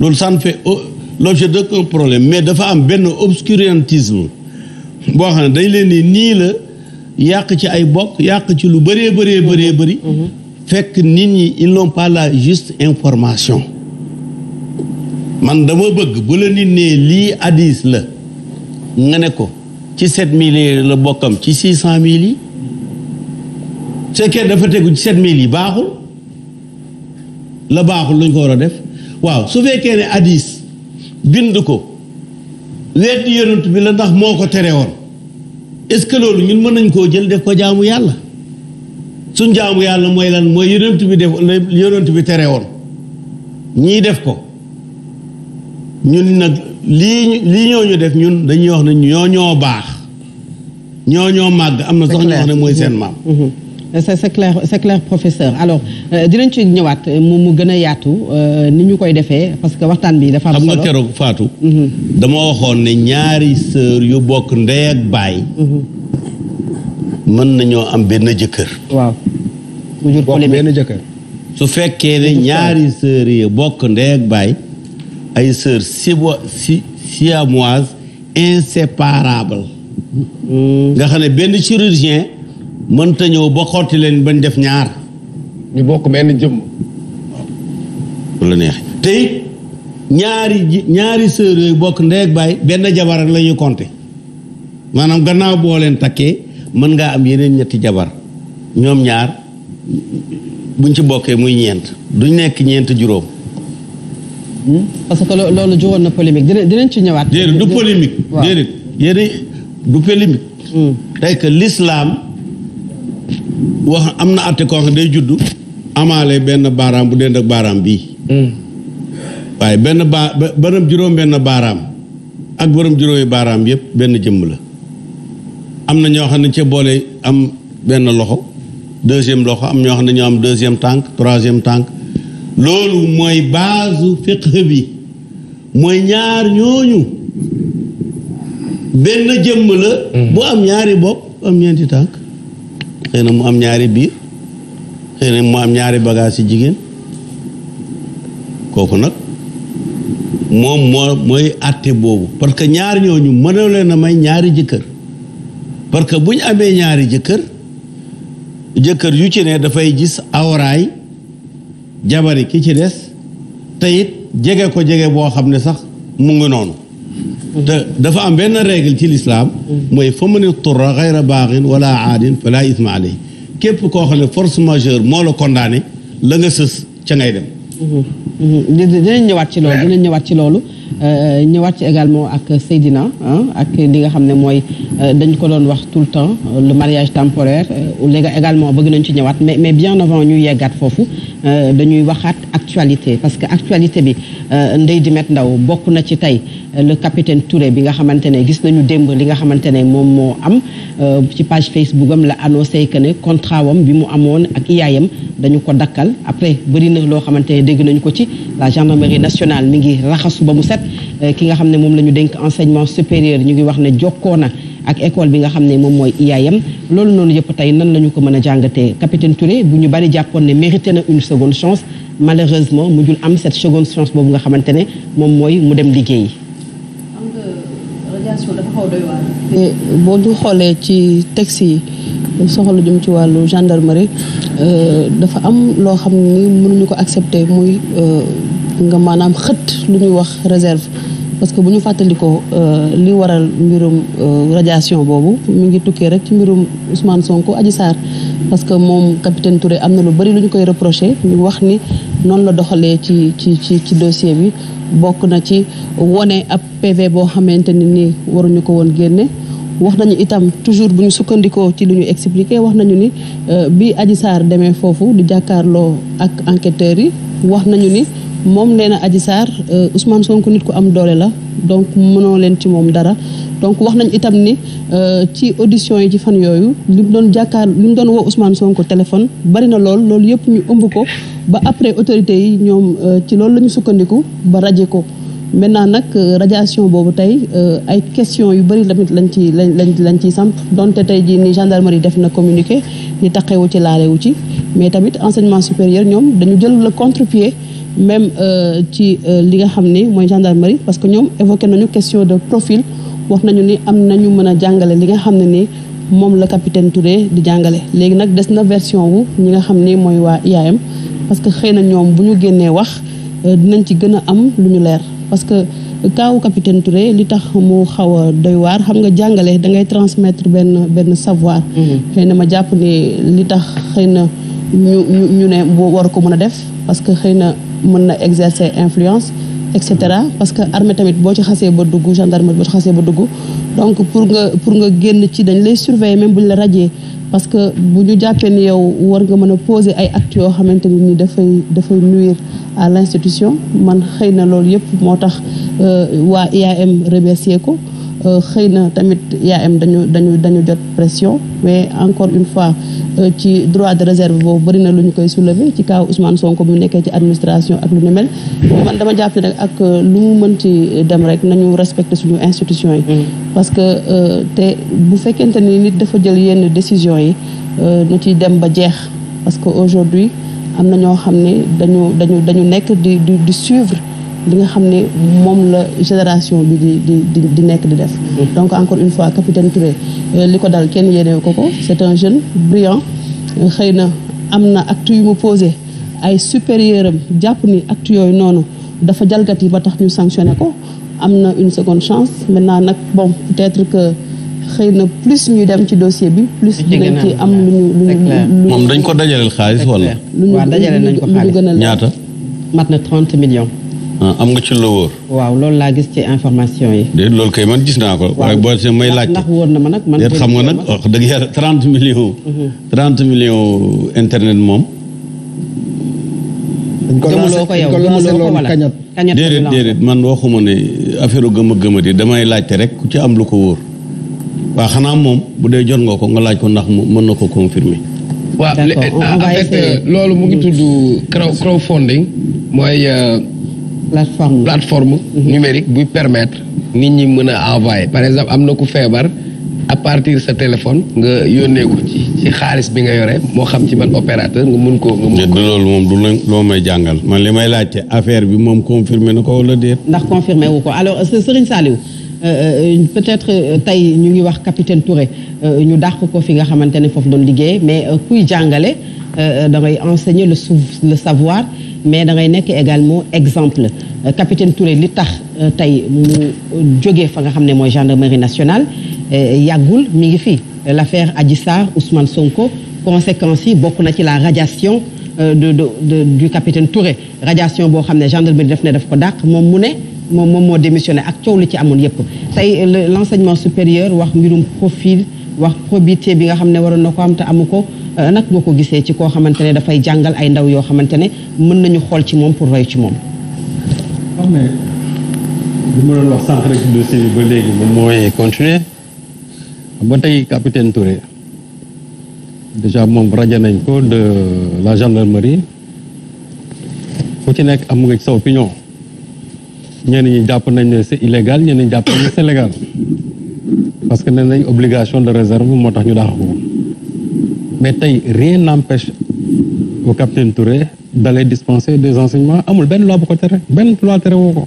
loolu ça ne fait l'objet d'aucun problème mais dafa am benn obscurantisme boo xam ne dañ leen ni nii la yàq ci ay bokk yàq ci lu bëree bëree bëree bëri fekk nit ñi ils n'ont la juste information man dama bëgg bu la nit nee lii hadis la nga ne ko ci sept mille la bokkam ci six cent mille yi ce que dafa tegu ci sept mille yi baaxul la baaxul luñ ko war a def waaw su fekkee ne hadis bind ko weddi yonent bi la ndax moo ko tere woon est-ce que loolu ñun mën nañ koo jël def ko jaamu yàlla suñ jaamu yàlla mooy lan mooy yonent bi def yonent bi tere woon ñii def ko ñun nag lii lii ñoo ñu def ñun dañuy wax ne ñoo ñoo baax ñoo ñoo màgg am na sax ñoo xam ne mooy seen mm-hmm. maam mm-hmm. Euh, c'est clair c'est clair professeur alors euh, dinañ ci ñëwaat euh, mu mu gën a yaatu ni ñu koy defee parce que waxtaan bi dafa am solo xam nga keroog Fatou. Mhm. dama waxoon ne ñaari sœur yu bokk ndey ak baay. Mhm. mën nañoo am benn jëkkër. waaw. mu su fekkee ne ñaari sœur yi bokk ndey ak baay ay sœur si siamoise inséparable. Mhm. nga xam ne benn chirurgien. mënta ñëw ba xotti leen bañ def ñaar. ñu bokk benn jëmm. waaw la neex te ñaari ji ñaari sœur yooyu bokk ndey ak baay benn jabar ak la ñuy compter maanaam gannaaw boo leen takkee mën ngaa am yeneen ñetti jabar ñoom ñaar buñ ci bokkee muy ñeent duñ nekk ñeent juróom. Hmm? parce que loolu juwoon na polémique dinañ dinañ ci ñëwaat. déedéet du polémique. waaw déedéet du polémique. Hmm. tey que wax am na atte koo xam day juddu amaale benn baaraam bu dend baaraam bii hmm. waaye benn baa borom juróom benn baaraam ak borom juróomi baaraam yëpp benn jëmm la am na ñoo xam ne ca boole am benn loxo deuxième loxo am ñoo xam ne ñoo am deuxième tànk troisième tànk loolu mooy baasu fiqh bi mooy ñaar ñooñu benn jëmm la hmm. bu am ñaari bopp am ñeenti tànk xëy na mu am ñaari biir xëy mu am ñaari bagage ci jigéen kooku nag moom moo mooy àtte boobu parce que ñaari ñooñu mënoo leen a may ñaari jëkkër parce que bu ñu amee ñaari jëkkër jëkkër yu ci ne dafay gis awraay jabari ki ci des te it jege ko jege boo xam ne sax mu ngi noonu te dafa am benn règle ci l'islam mooy fa mu ne turra xayra baaxin wala aadin fala isma aley képp koo xam ne force majeure moo la condamné la nga sës ca ngay dem mmh, mmh. dinañ ñëwaat ci loolu dinañ ñëwaat ci loolu euh, ñëwaat ci également ak Seydina ak li nga xam ne mooy euh, dañ ko doon wax tout le temps euh, le mariage temporaire léegi également bëgg nañ ci ñëwaat mais mais bien avant ñu yeggaat foofu Euh, dañuy waxaat actualité parce que actualité bi euh, Ndeye Dimet Ndaw bokk na ci tey euh, le capitaine Touré bi nga xamante ne gis nañu démb li nga xamante ne moom moo am ci page Facebook am la annoncé que ne contrat wam bi mu amoon ak IAM dañu ko dakkal après bëri na loo xamante ne dégg nañu ko ci la gendarmerie nationale mi ngi raxasu ba mu set ki nga xam ne moom la ñu dénk enseignement supérieur ñu ngi wax ne jokkoo na ak école bi nga xam ne moom mooy IAM loolu noonu yëpp tey nan la ñu ko mën a jàngatee capitaine Touré bu ñu bari jàppoon ne mérité na une seconde chance malheureusement mu jul am cette seconde chance boobu nga xamante ne moom mooy mu dem liggéeyi. Eh, boo du xoolee ci texte yi soxla jëm ci wàllu gendarmerie euh, dafa am loo xam ni mënuñu ko accepter muy euh, nga maanaam xët lu ñuy wax réserve parce que bu ñu fàttalikoo euh, li waral mbirum euh, radiation boobu mu ngi tukkee rek ci mbirum Ousmane Sonko Adji Sarr parce que moom capitaine Touré am na lu bari lu ñu koy reproché ñu wax ni noonu la doxalee ci ci ci ci dossier bi bokk na ci wone ab PV boo xamante ni nii waruñu ko woon génne wax nañu itam toujours bu ñu sukkandikoo ci lu ñu expliquer wax nañu ni euh, bi Adji Sarr demee foofu di jàkkaarloo ak enquêteurs yi wax nañu ni moom nee na Adji Sarr euh, Ousmane Sonko nit ku am doole la donc mënoo leen ci moom dara donc wax nañ itam ni euh, ci audition yi ci fan yooyu li mu doon jàkkaar li mu doon woo Ousmane Sonko téléphone bari na lool loolu yëpp ñu ëmb ko ba après autorité yi ñoom euh, ci loolu la ñu sukkandiku ba raje ko maintenant nag radiation boobu tey ay question yu bëri tamit lañ ci lañ lañ lañ ciy samp donte tey jii ni gendarmerie def na communiqué ñu taqewu ci laalewu ci mais tamit enseignement supérieur ñoom dañu jël le contre même euh, ci euh, li nga xam ni mooy gendarmerie parce que ñoom évoqué nañu question de profil wax nañu ni am nañu mën a jàngale li nga xam ne ni moom la capitaine Touré di jàngale léegi nag des na version wu ñi nga xam ni mooy waa IAM parce que xëy na ñoom bu ñu génnee wax euh, dinañ ci gën a am lu ñu leer parce que kaawu capitaine Touré li tax mu xaw a doy waar xam nga jàngale da ngay transmettre benn benn savoir mhm. xëy na ma jàpp ni li tax xëy na ñu ñu ne war ko mën a def que xëy na mën na exercer influence et cetera parce que arme tamit boo ci xasee ba dugg gendarme boo ci xasee ba dugg donc pour nga pour nga génn ci dañ lay surveiller même bu ñu la rajee parce que bu ñu jàppee ni yow war nga mën a poser ay actes yoo xamante ni dafay dafay nuire à l'institution man xëy na loolu yëpp moo tax euh, waa IAM remercier ko euh, xëy na tamit IAM dañu dañu dañu jot pression mais encore une fois Euh, ci droit de réserve boobu bëri na lu ñu koy soulever ci kaw Ousmane Sonko bu nekkee ci administration ak lu ni mel man dama jàpp ne ak euh, lu mu mënti dem rek nañu respecter suñu institution yi mm. parce que euh, te bu fekkente ni nit dafa jël yenn décision yi nu ci dem ba jeex parce que aujourd'hui am na ñoo xam ne dañu dañu dañu nekk di di di suivre li nga xam ne moom la génération bi di di di nekk di def donc encore une fois capitaine Touré euh, li ko dal kenn yéene ko ko c'est un jeune brillant euh, xëy na am na acte yu mu posé ay supérieur am jàpp ni acte yooyu noonu dafa jalgati ba tax ñu sanctionné ko am na une seconde chance maintenant nag bon peut-être que xëy na plus ñuy dem ci dossier bi. plus dinañ ci am lu ñu lu ñu. moom dañ ko dajaleel xaalis wala. waaw dajaleel nañ ko xaalis ñaata. mat na trente millions. Ah, am nga ci la wóor. waaw loolu laa gis ci information yi. déedéet loolu kay man gis naa ko. waaye boo see may laaj. ndax xam nga nag wax dëgg yàlla trente millions. Mhm. trente millions internet moom. gëmuloo ko yow déedéet déedéet man waxuma ne affaire gëma gëma di damay laajte rek ku ci am lu ko wóor. waaw xanaa moom bu dee jot nga ko nga laaj ko ndax mu mën na ko confirmer. waaw en fait euh, loolu mu ngi tudd mm. crowdfunding mooy. Euh, plateforme plateforme mhm. numérique buy permettre nit ñi mën a envoyer par exemple am na ku feebar à partir sa téléphone nga yónnee ko ci ci xaalis bi nga yore moo xam ci man opérateur nga mun koo nga mun ko loolu moom du loo may jàngal man li may laajte affaire bi moom confirmé na ko wala ndax confirmé wu ko alors euh, Serigne Saliou euh, euh, peut-être tey ñu ngi wax capitaine Touré ñu dàq ko fi nga xamante ne foofu doon liggéey mais kuy jàngale da ngay enseigner le le savoir. mais da nekk également exemple euh, capitaine Touré li tax euh, tey mu jógee fa nga xam ne mooy gendarmerie nationale euh, yàggul mi ngi fi l'affaire Adji Sarr Ousmane Sonko conséquences yi bokk na ci la radiation de de du capitaine Touré radiation boo xam ne gendarmerie def ne def ko dàq moom mu ne moom moom moo démissionné ak coow li ci amoon yépp tey l'enseignement supérieur wax mbirum profil wax probité bi nga xam ne waroon na ko am te amu ko. Euh, nag boo ko gisee ci koo xamante ne dafay jàngal ay ndaw yoo xamante ne mën nañu xool ci moom pour roy ci moom. wax ne li ma ba léegi moom mooy continuer ba tey capitaine Touré déjà moom rajo nañ ko de la gendarmerie ku ci nekk am nga ci sa opinion ñeen ñi jàpp nañ ne c'est illégal ñenn ñi jàpp nañ ne c'est légal parce que nee nañ obligation de réserve moo tax ñu daax ko mais tey rien n'empêche au capitaine Touré d'aller dispenser des enseignements amul benn loi bu ko tere benn loi tere woo ko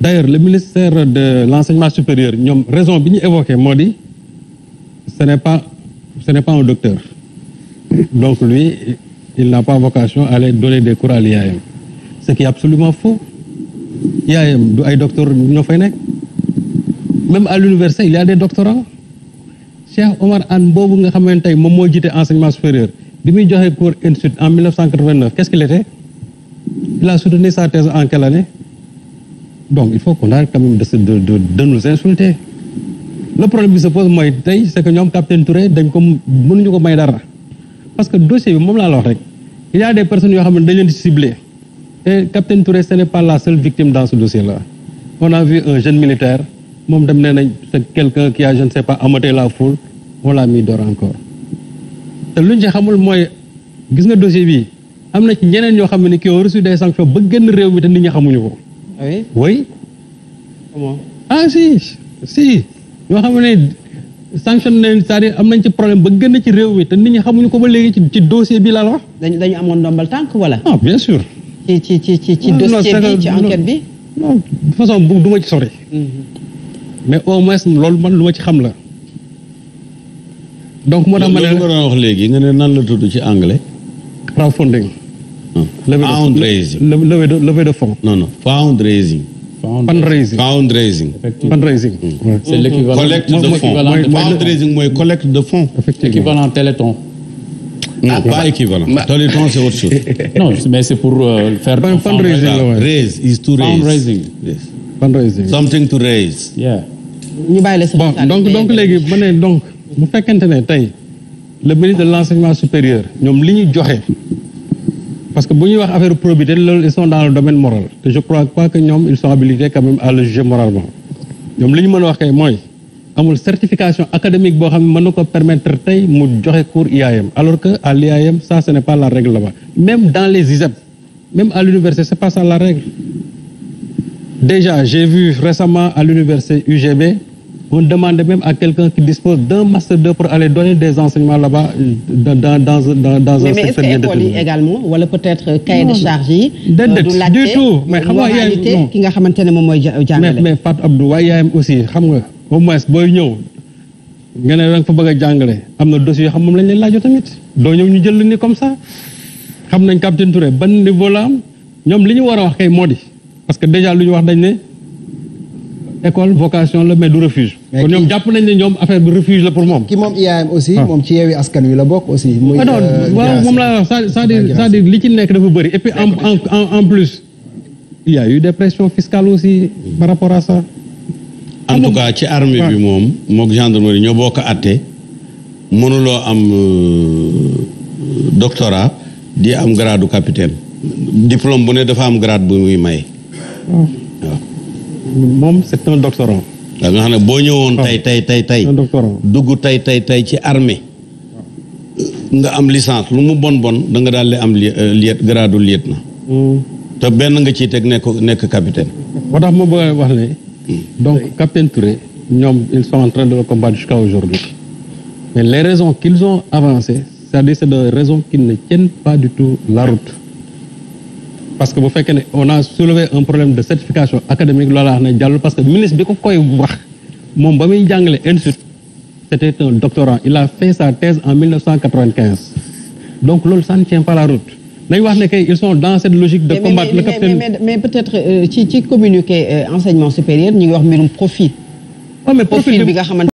d'ailleurs le ministère de l'enseignement supérieur ñoom raison bi ñu évoqué moo di ce n'est pas ce n'est pas un docteur donc lui il n'a pas vocation à aller donner des cours à l'IAM ce qui est absolument faux IAM du ay docteur ñoo fay nekk même à l'université il y a des doctorants Cheikh Omar Anne boobu nga xamante tey moom moo jiite enseignement supérieur bi muy joxe cours institut en 1989 qu'est-ce qu'il était donc il faut qu'on arrête quand même de de de de nous insulter mooy tey c'est ñoom capitaine Touré dañ ko ñu ko may dara parce que dossier bi moom laa la wax rek il y a des yoo xam ne dañ leen di ciblé te capitaine Touré ce n'est pas la seule victime dans ce dossier là on a vu un jeune militaire. moom dem nee nañ c'est quelqu'un qui a je ne sais pas ameuté la foule on l'a mis encore te luñ ci xamul mooy gis nga dossier bi am na ci ñeneen ñoo xam ne qui ont reçu des sanctions ba génn réew mi te nit ñi xamuñu ko. oui oui. comment ah si si ñoo xam ne sanction ne cest am nañ ci problème ba génn ci réew mi te nit ñi xamuñu ko ba léegi ci ci dossier bi la wax. dañu dañu amoon ndombal tànk wala. ah bien sûr. ci ci ci ci dossier bi ci enquête bi. non façon bu du ma ci sori. Mhm. mais au moins loolu man lu ma ci xam la. donc moo ma ne la doon wax léegi nga ne nan la tudd ci anglais. crowdfunding. Ah. fundraising levée de levée de fonds. non non fundraising. fundraising fundraising. fundraising. Hmm. c'est hmm. l'équivalent collecte de fonds fundraising mooy collecte de fonds. effectivement équivalent téléthon. non ah, pas équivalent. téléthon c'est autre pour euh, faire. fundraising to raise fundraising. something bon donc donc léegi ma ne donc bu fekkente ne tey le ministre de l' enseignement supérieur ñoom li ñu joxe parce que bu ñuy wax affaire probité loolu ils sont dans le domaine moral te je crois pas que ñoom ils sont habilités quand à le juger moralement ñoom li ñu mën a wax kay mooy amul certification academique boo xam ne mën na ko permettre tey mu joxe cours IAM alors que à l'IAM ça ce n'est pas la règle là-bas même dans les ISEP même à l'université c'est pas ça la règle Déjà, j'ai vu récemment à l'université UGB, on demandait même à quelqu'un qui dispose d'un master 2 pour aller donner des enseignements là-bas dans, dans, dans, dans mais un mais secteur Mais est-ce euh, de charge euh, du tout mais xam nga xamante ne moom mooy euh, jàngale mais Fatou Abdou waaye aussi xam nga au moins booy ñëw nga ne da fa bëgg a jàngale am na dossier yoo xam moom lañ leen laajoo tamit doo ñëw ñu jël ni comme ça xam nañ capitaine Touré ban niveau ñoom li ñu war a wax kay moo parce que déjà lu ñu wax dañ ne école vocation la mais du refuge. kon ñoom jàpp nañ ne ñoom affaire bi refuge la pour moom. ki moom IAM aussi ah. moom ci yeewi askan wi la bokk aussi. muy ah euh, moom laa wax cest li ci nekk dafa bëri et puis en en en plus. il y a eu aussi par rapport à ça. en tout ci armée bi moom mook gendarmerie ñoo bokk àtte mënuloo am euh, doctorat di am grade du capitaine bu ne dafa am grade bu muy may waaw. moom c'est un doctorant. waaw nga xam ne boo ñëwoon. Ah. tey tey tey tey. dugg tey tey tey ci armée nga am licence lu mu bon bon da nga daal di am liet gradu euh, liet na. Hmm. te benn nga ciy te nekk nekk capitaine. moo tax ma bëgg wax ne. Hmm. donc capitaine Touré. ñoom ils sont en de le combattre jusqu'à aujourd'hui mais les raisons qu'ils ont avancées cest c'est des raisons qui ne tiennent pas du tout la route. parce que bu fekkee ne on a soulevé un problème de certification académique loolu wax ne jàll parce que ministre bi ko koy wax moom ba muy jàngale institut c'était un doctorant il a fait sa thèse en donc loolu ça ne tient la route nañ wax ne kay ils sont dans logique de combattre mais peut-être euh, ci communiqué euh, enseignement supérieur ñu ngi wax mbirum profit. profil bi nga xamante